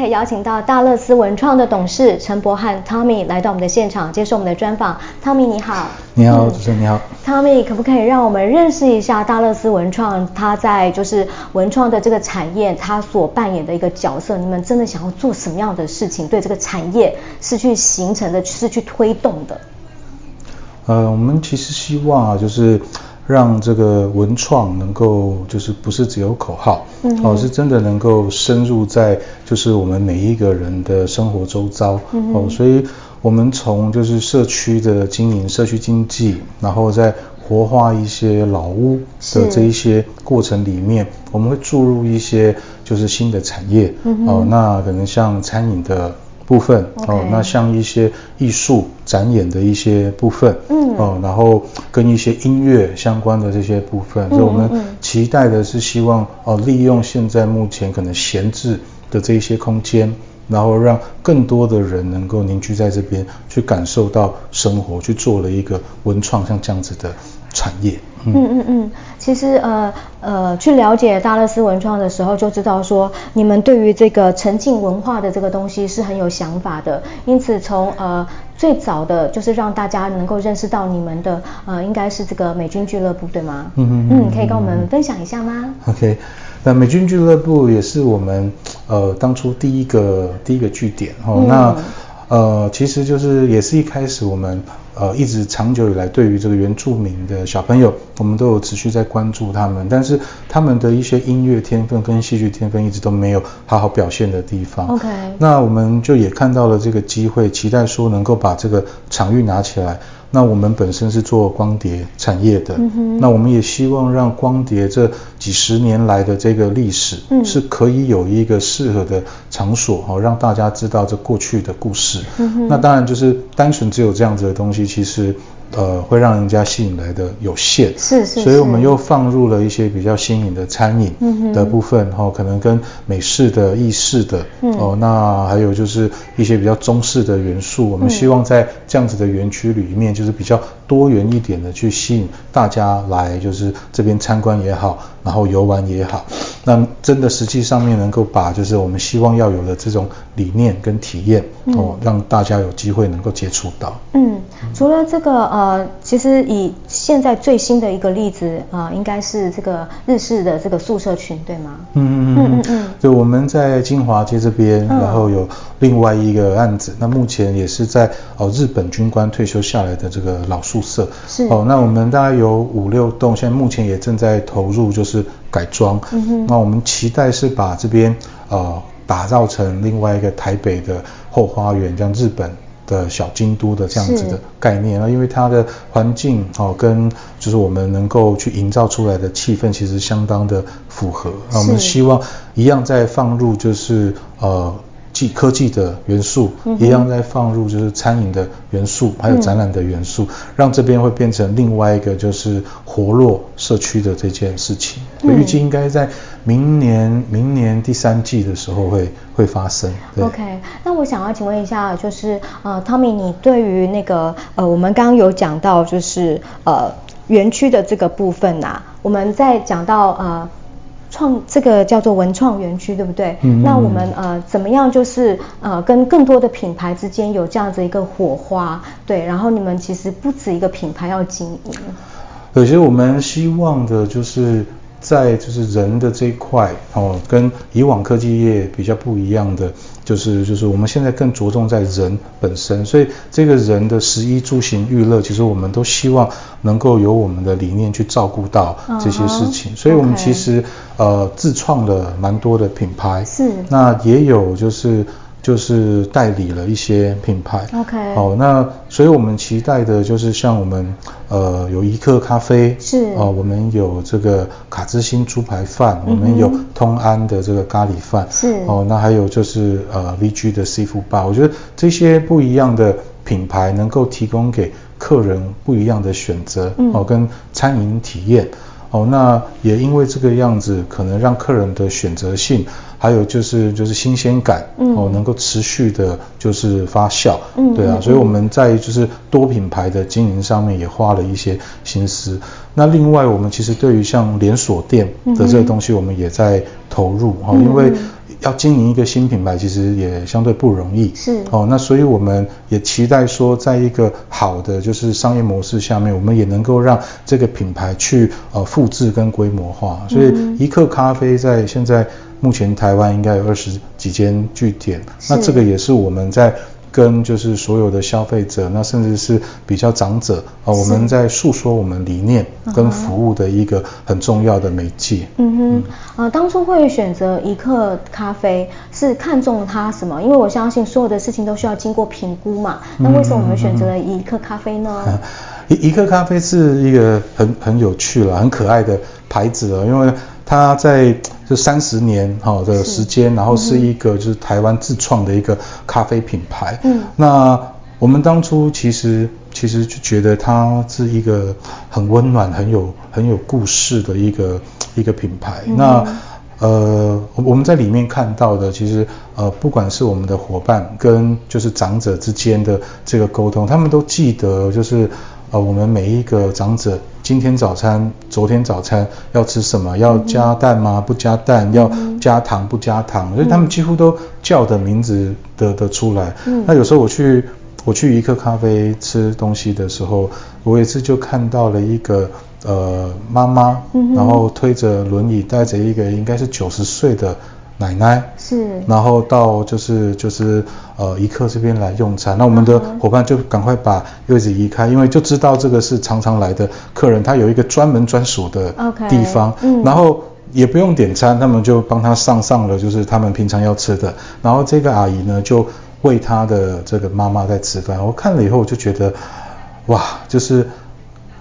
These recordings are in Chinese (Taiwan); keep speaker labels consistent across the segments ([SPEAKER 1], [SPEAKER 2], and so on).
[SPEAKER 1] 可以邀請到大樂司文創的董事陳柏翰 Tommy 來到我們的現場，接受我們的專訪。Tommy 你好，你好、嗯、主持人你好。Tommy 可不可以讓我們認識一下大樂司文創？它在就是文創的這個產業，它所扮演的一個角色。你們真的想要做什麼樣的事情？對這個產業是去形成的，是去推動的？
[SPEAKER 2] 呃，我們其實希望啊，就是。讓這個文創能夠，就是不是只有口號，哦、嗯呃，是真的能夠深入在，就是我們每一個人的生活周遭，哦、嗯呃，所以我們從就是社區的經營、社區經濟，然後再活化一些老屋的這一些過程裡面，我們會注入一些就是新的產業，哦、嗯呃，那可能像餐飲的，部分哦，Okay. 那像一些藝術展演的一些部分，哦、嗯，哦，然後跟一些音樂相關的這些部分，所以我們期待的是希望哦，利用現在目前可能閒置的這一些空間。然後讓更多的人能夠凝聚在這邊，去感受到生活，去做了一個文創像這樣子的產業。嗯嗯嗯,
[SPEAKER 1] 嗯，其實呃呃，去了解大樂司文創的時候就知道說，你們對於這個沉浸文化的這個東西是很有想法的。因此從呃最早的就是讓大家能夠認識到你們的呃，應該是這個美軍俱樂部對嗎？嗯嗯嗯，可以跟我們分享一下嗎
[SPEAKER 2] ？OK。那美軍俱樂部也是我們，呃，當初第一個第一個據點哦。嗯。那，呃，其實就是也是一開始我們，呃，一直長久以來對於這個原住民的小朋友，我們都有持續在關注他們，但是他們的一些音樂天分跟戲劇天分一直都沒有好好表現的地方。OK。嗯。那我們就也看到了這個機會，期待說能夠把這個場域拿起來。那我們本身是做光碟產業的，嗯，那我們也希望讓光碟這幾十年來的這個歷史，是可以有一個適合的場所，好，嗯，讓大家知道這過去的故事，嗯。那當然就是單純只有這樣子的東西，其實。呃，會讓人家吸引來的有限，是，是是，所以我們又放入了一些比較新穎的餐飲的部分，哈、嗯哦，可能跟美式的、意式的、嗯，哦，那還有就是一些比較中式的元素，嗯、我們希望在這樣子的園區裡面，就是比較多元一點的去吸引大家來，就是這邊參觀也好，然後遊玩也好，那真的實際上面能夠把就是我們希望要有的這種理念跟體驗，嗯、哦，讓大家有機會能夠接觸到。嗯，
[SPEAKER 1] 除了這個呃。嗯呃，其實以現在最新的一個例子啊、呃，應該是這個日式的這個宿舍群，對嗎？嗯嗯
[SPEAKER 2] 嗯嗯嗯。就我們在金華街這邊、嗯，然後有另外一個案子，那目前也是在哦、呃、日本軍官退休下來的這個老宿舍。是。哦、呃，那我們大概有五六棟，現在目前也正在投入，就是改裝。嗯哼。那我們期待是把這邊呃打造成另外一個台北的後花園，像日本。的小京都的這樣子的概念，因為它的環境哦，跟就是我們能夠去營造出來的氣氛，其實相當的符合。我們希望一樣再放入就是呃。技科技的元素也要再放入，就是餐飲的元素，嗯、還有展覽的元素，嗯，讓這邊會變成另外一個就是活絡社區的這件事情。嗯、預計應該在明年明年第三季的時候會、嗯、會發生，對。OK，
[SPEAKER 1] 那我想要請問一下，就是呃，Tommy，你對於那個呃，我們剛剛有講到就是呃，園區的這個部分吶、啊，我們在講到呃。創這個叫做文創園區，對不對？嗯，那我們呃怎麼樣，就是呃跟更多的品牌之間有這樣子一個火花，對。然後你們其實不止一個品牌要經營，
[SPEAKER 2] 有些我們希望的就是。在就是人的這一塊哦，跟以往科技業比較不一樣的，就是就是我們現在更着重在人本身，所以這個人的食衣住行娛樂，其實我們都希望能夠由我們的理念去照顧到這些事情、哦，所以我們其實、okay、呃自創了蠻多的品牌，是，那也有就是。就是代理了一些品牌，OK，好、哦，那所以我們期待的就是像我們呃有怡客咖啡，是哦、呃，我們有這個卡之星豬排飯、嗯，我們有通安的這個咖喱飯，是哦，那還有就是呃 VG 的 Seafood Bar，我覺得這些不一樣的品牌能夠提供給客人不一樣的選擇，嗯、哦，跟餐飲體驗。哦，那也因為這個樣子，可能讓客人的選擇性，還有就是就是新鮮感，嗯，哦，能夠持續的，就是發酵，嗯，嗯，嗯，對啊，所以我們在就是多品牌的經營上面也花了一些心思。那另外，我們其實對於像連鎖店的這個東西，我們也在投入哈，嗯嗯嗯，因為。要經營一個新品牌，其實也相對不容易。是哦，那所以我們也期待說，在一個好的就是商業模式下面，我們也能夠讓這個品牌去呃複製跟規模化。所以一克咖啡在現在目前台灣應該有二十幾間據點，那這個也是我們在。跟就是所有的消費者，那甚至是比較長者啊、呃，我們在訴說我們理念跟服務的一個很重要的媒介。
[SPEAKER 1] Uh-huh. 嗯。嗯哼，啊，當初會選擇一克咖啡是看中它什麼？因為我相信所有的事情都需要經過評估嘛。那為什麼我們選擇了一克咖啡呢？嗯嗯
[SPEAKER 2] 嗯、啊，一？一克咖啡是一個很很有趣了、很可愛的牌子了、哦、因為。它在這三十年哈的時間，然後是一個就是台灣自創的一個咖啡品牌。嗯，那我們當初其實其實就覺得它是一個很溫暖、很有很有故事的一個一個品牌。嗯，那呃，我我們在裡面看到的，其實呃，不管是我們的夥伴跟就是長者之間的這個溝通，他們都記得就是呃，我們每一個長者。今天早餐，昨天早餐要吃什麼？要加蛋嗎？嗯、不加蛋？要加糖不加糖？嗯、所以他們幾乎都叫的名字得得出來，嗯。那有時候我去我去一刻咖啡吃東西的時候，我一次就看到了一個呃媽媽、嗯，然後推着輪椅帶着一個應該是九十歲的。奶奶是，然後到就是就是呃，一客這邊來用餐，那我們的夥伴就趕快把位置移開，因為就知道這個是常常來的客人，他有一個專門專屬的地方，okay，嗯，然後也不用點餐，他們就幫他上上了，就是他們平常要吃的，然後這個阿姨呢就餵她的這個媽媽在吃飯，我看了以後我就覺得，哇，就是。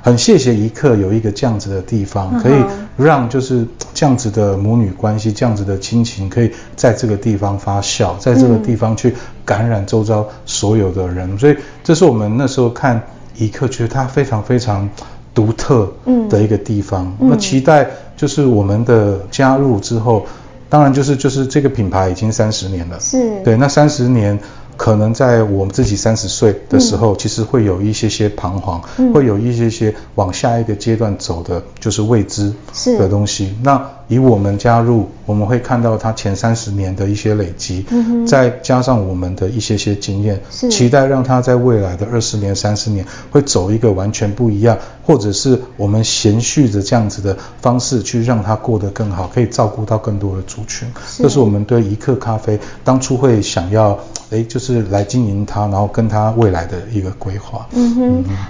[SPEAKER 2] 很謝謝一刻有一個這樣子的地方，嗯，可以讓就是這樣子的母女關係，這樣子的親情，可以在這個地方發酵，在這個地方去感染周遭所有的人。嗯、所以這是我們那時候看一刻，覺得它非常非常獨特的一個地方，嗯。那期待就是我們的加入之後，當然就是就是這個品牌已經三十年了，是對那三十年。可能在我們自己三十歲的時候、嗯，其實會有一些些彷徨、嗯，會有一些些往下一個階段走的，就是未知的東西。那以我們加入，我們會看到他前三十年的一些累積、嗯，再加上我們的一些些經驗，期待讓他在未來的二十年、三十年會走一個完全不一樣。或者是我們延續着這樣子的方式去讓它過得更好，可以照顧到更多的族群，是這是我們對一克咖啡當初會想要哎，就是來經營它，然後跟它未來的一個規劃嗯。
[SPEAKER 1] 嗯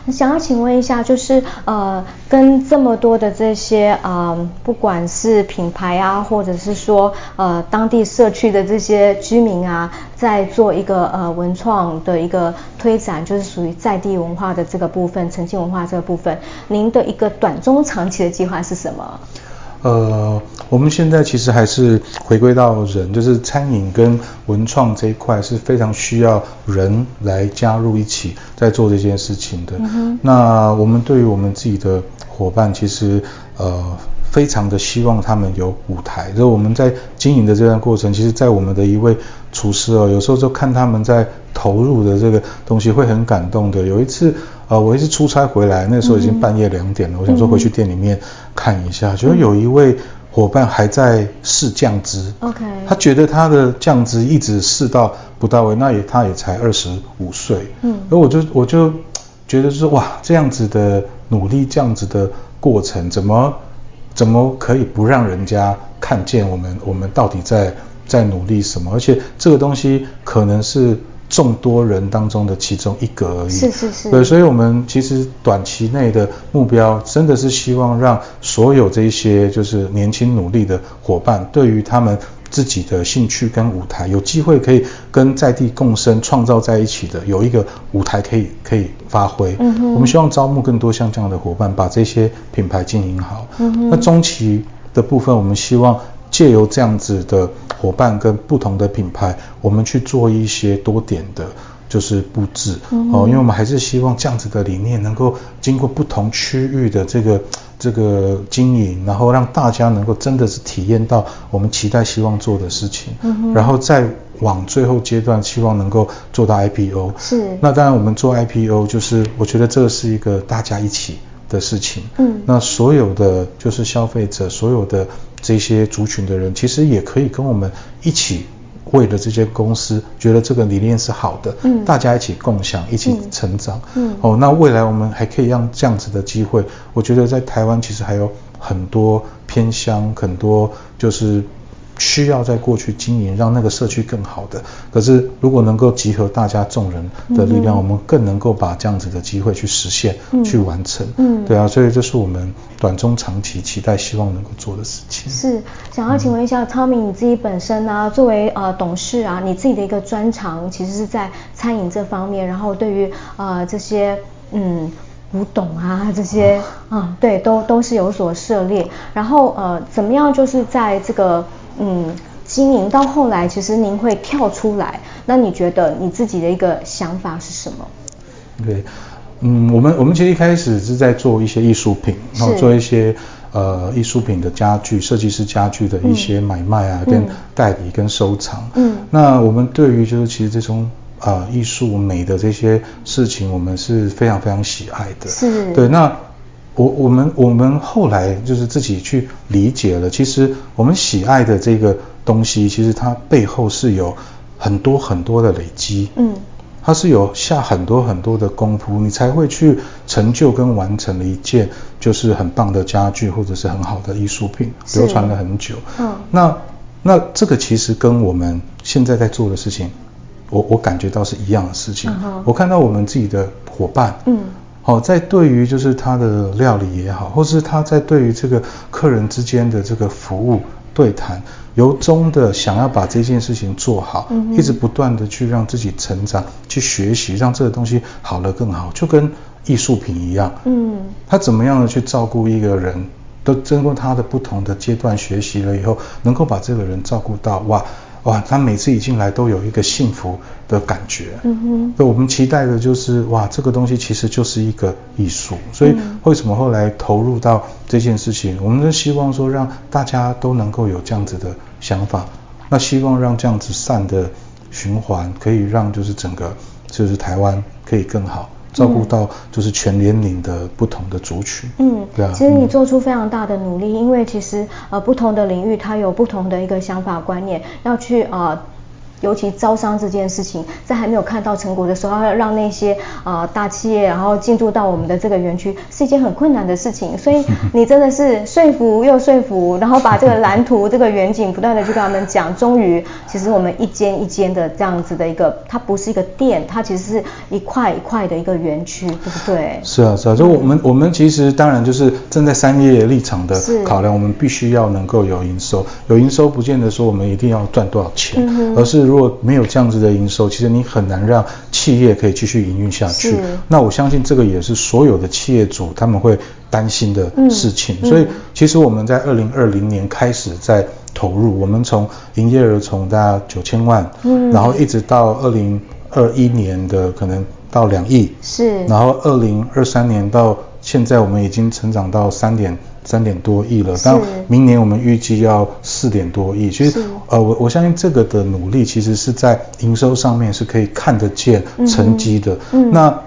[SPEAKER 1] 哼，想要請問一下，就是呃，跟這麼多的這些啊、呃、不管是品牌啊，或者是說呃，當地社區的這些居民啊。在做一個呃文創的一個推展，就是屬於在地文化的這個部分，誠信文化這個部分。您的一個短中長期的計劃是什麼？
[SPEAKER 2] 呃，我們現在其實還是回歸到人，就是餐飲跟文創這一塊是非常需要人來加入一起在做這件事情的。嗯、那我們對於我們自己的夥伴，其實呃。非常的希望他們有舞台，就我們在經營的這段過程，其實，在我們的一位廚師哦，有時候就看他們在投入的這個東西會很感動的。有一次啊、呃，我一次出差回來，那時候已經半夜兩點了，嗯、我想說回去店裡面看一下，就、嗯、是有一位伙伴還在試醬汁，OK，、嗯、他覺得他的醬汁一直試到不到位，那也他也才二十五歲，嗯，而我就我就覺得說、就是、哇，這樣子的努力，這樣子的過程，怎麼？怎麼可以不讓人家看見我們？我們到底在在努力什麼？而且這個東西可能是眾多人當中的其中一個而已。是是是。對，所以，我們其實短期內的目標，真的是希望讓所有這一些就是年輕努力的夥伴，對於他們。自己的興趣跟舞台，有機會可以跟在地共生、創造在一起的，有一個舞台可以可以發揮。嗯哼，我們希望招募更多像這樣的夥伴，把這些品牌經營好。嗯哼，那中期的部分，我們希望借由這樣子的夥伴跟不同的品牌，我們去做一些多點的。就是佈置、嗯、哦，因為我們還是希望這樣子的理念能夠經過不同區域的這個這個經營，然後讓大家能夠真的是體驗到我們期待希望做的事情、嗯，然後再往最後階段，希望能夠做到 IPO。是。那當然，我們做 IPO 就是我覺得這是一個大家一起的事情。嗯。那所有的就是消費者，所有的這些族群的人，其實也可以跟我們一起。為了這些公司，覺得這個理念是好的，嗯，大家一起共享，一起成長，嗯，嗯，哦，那未來我們還可以讓這樣子的機會，我覺得在台灣其實還有很多偏鄉，很多就是。需要在過去經營，讓那個社區更好的。可是如果能夠集合大家眾人的力量，嗯、我們更能夠把這樣子的機會去實現、嗯、去完成。嗯，對啊，所以這是我們短中長期期待、希望能夠做的事
[SPEAKER 1] 情。是，想要請問一下、嗯、Tommy，你自己本身呢、啊，作為呃董事啊，你自己的一個專長其實是在餐飲這方面，然後對於呃這些嗯古董啊這些啊、嗯嗯，對，都都是有所涉獵。然後呃，怎麼樣就是在這個嗯，經營到後來，其實您會跳出來。那你覺得你自己的一個想法是什麼？
[SPEAKER 2] 對，嗯，我們我們其實一開始是在做一些藝術品，然後做一些呃藝術品的家具、設計師家具的一些買賣啊、嗯，跟代理跟收藏。嗯，那我們對於就是其實這種啊、呃、藝術美的這些事情，我們是非常非常喜愛的。是，對那。我我們我們後來就是自己去理解了。其實我們喜愛的這個東西，其實它背後是有很多很多的累積。嗯，它是有下很多很多的功夫，你才會去成就跟完成了一件就是很棒的家具，或者是很好的藝術品，流傳了很久。嗯，那那這個其實跟我們現在在做的事情，我我感覺到是一樣的事情。嗯，我看到我們自己的夥伴，嗯。好、哦，在對於就是他的料理也好，或是他在對於這個客人之間的這個服務對談，由衷的想要把這件事情做好，嗯、一直不斷的去讓自己成長，去學習，讓這個東西好了更好，就跟藝術品一樣。嗯，他怎麼樣的去照顧一個人，都經過他的不同的階段學習了以後，能夠把這個人照顧到哇。哇，他每次一進來都有一個幸福的感覺。嗯哼，那我們期待的就是哇，這個東西其實就是一個藝術。所以為什麼後來投入到這件事情，嗯、我們是希望說讓大家都能夠有這樣子的想法，那希望讓這樣子善的循環可以讓就是整個就是台灣可以更好。照顧到就是全年齡的不同的族群，嗯，對啊，其實你
[SPEAKER 1] 做出非常大的努力，嗯、因為其實呃不同的領域它有不同的一個想法觀念，要去呃。尤其招商這件事情，在還沒有看到成果的時候，要讓那些啊、呃、大企業然後進駐到我們的這個園區，是一件很困難的事情。所以你真的是說服又說服， 然後把這個藍圖、 這個遠景不斷的去跟他們講。終於，其實我們一間一間的這樣子的一個，它不是一個店，它其實是一塊一塊的一個園區，對不對？是啊，是啊。就我
[SPEAKER 2] 們、嗯、我們其實當然就是站在商業立場的考量，我們必須要能夠有營收。有營收不見得說我們一定要賺多少錢，嗯、而是如果沒有這樣子的營收，其實你很難讓企業可以繼續營運下去。那我相信這個也是所有的企業主他們會擔心的事情。嗯、所以其實我們在二零二零年開始在投入、嗯，我們從營業額從大概九千萬、嗯，然後一直到二零二一年的可能到兩億，是，然後二零二三年到現在我們已經成長到三點三點多億了，但明年我們預計要四點多億。其實，呃，我我相信這個的努力其實是在營收上面是可以看得見成績的。嗯嗯、那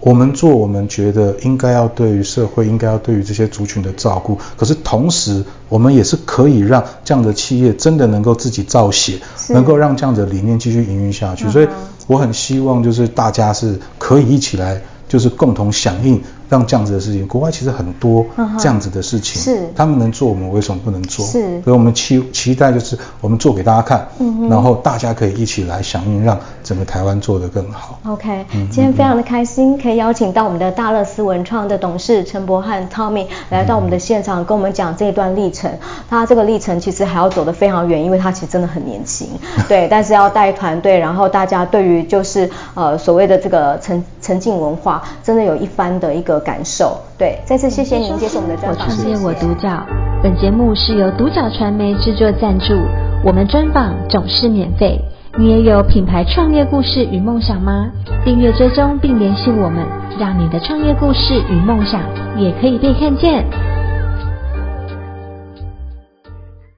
[SPEAKER 2] 我們做，我們覺得應該要對於社會，應該要對於這些族群的照顧。可是同時，我們也是可以讓這樣的企業真的能夠自己造血，能夠讓這樣的理念繼續營運下去。嗯、所以，我很希望就是大家是可以一起來。就是共同響應，讓這樣子的事情，國外其實很多這樣子的事情，嗯、是他們能做，我們為什麼不能做？是，所以我們期期待就是我們做給大家看，嗯，然後大家可以一起來響應，讓整個台灣做得更好。
[SPEAKER 1] OK，、嗯、哼哼今天非常的開心，可以邀請到我們的大樂司文創的董事陳柏翰 Tommy 來到我們的現場，跟我們講這一段歷程、嗯。他這個歷程其實還要走得非常遠，因為他其實真的很年輕， 對，但是要帶團隊，然後大家對於就是呃所謂的這個成。陳曾經文化真的有一番的一個感受，對。再次謝謝您接受我們的專訪。我創業我獨角，謝謝。本節目是由獨角傳媒製作贊助，我們專訪總是免費。你也有品牌創業故事與夢想嗎？訂閱追蹤並聯繫我們，讓你的創業故事與夢想也可以被看見。